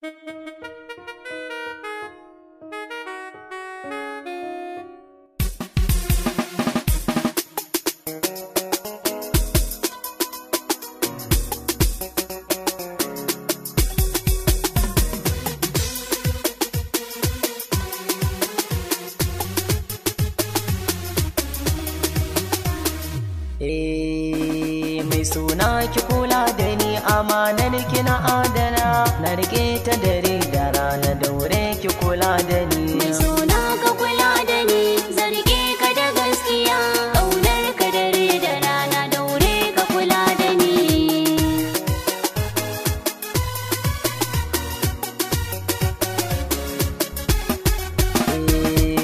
Eh, mai suna ki kula da ni amanar ki na adana na ta dare da rana daure ki kula da ni suna ka kula da ni zarge ka da gaskiya kaunar ka dare da rana daure ka kula da ni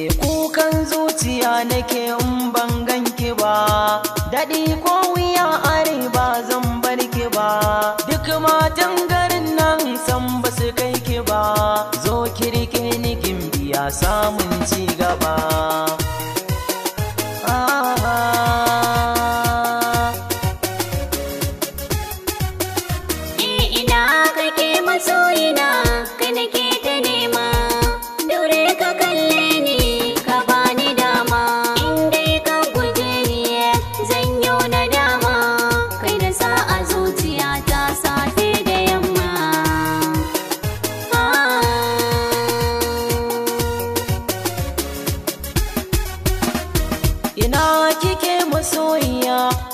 eh, kukan zuciya nake in ban ganki ba daɗi ko na samun ci gaba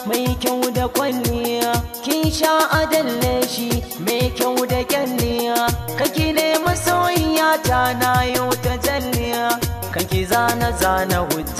mai kyau da kwalliya kin sha adalle shi mai kyau da kyalliya kake ne masoyiya ta na yau ta jalliya kake zana zana hujja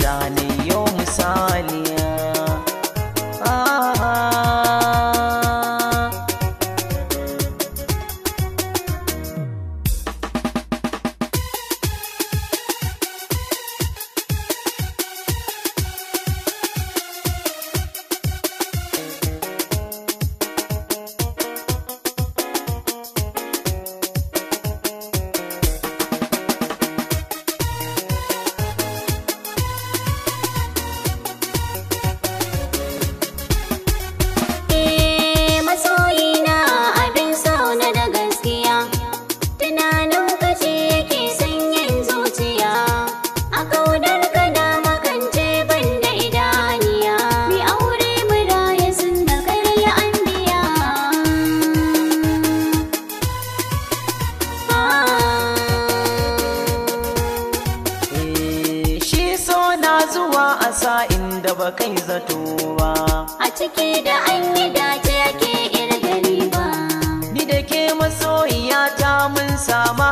sa inda ba kai zato ba. A ciki da an yi dace ke irgani ba. Ni da ke masoyiya ta mun sama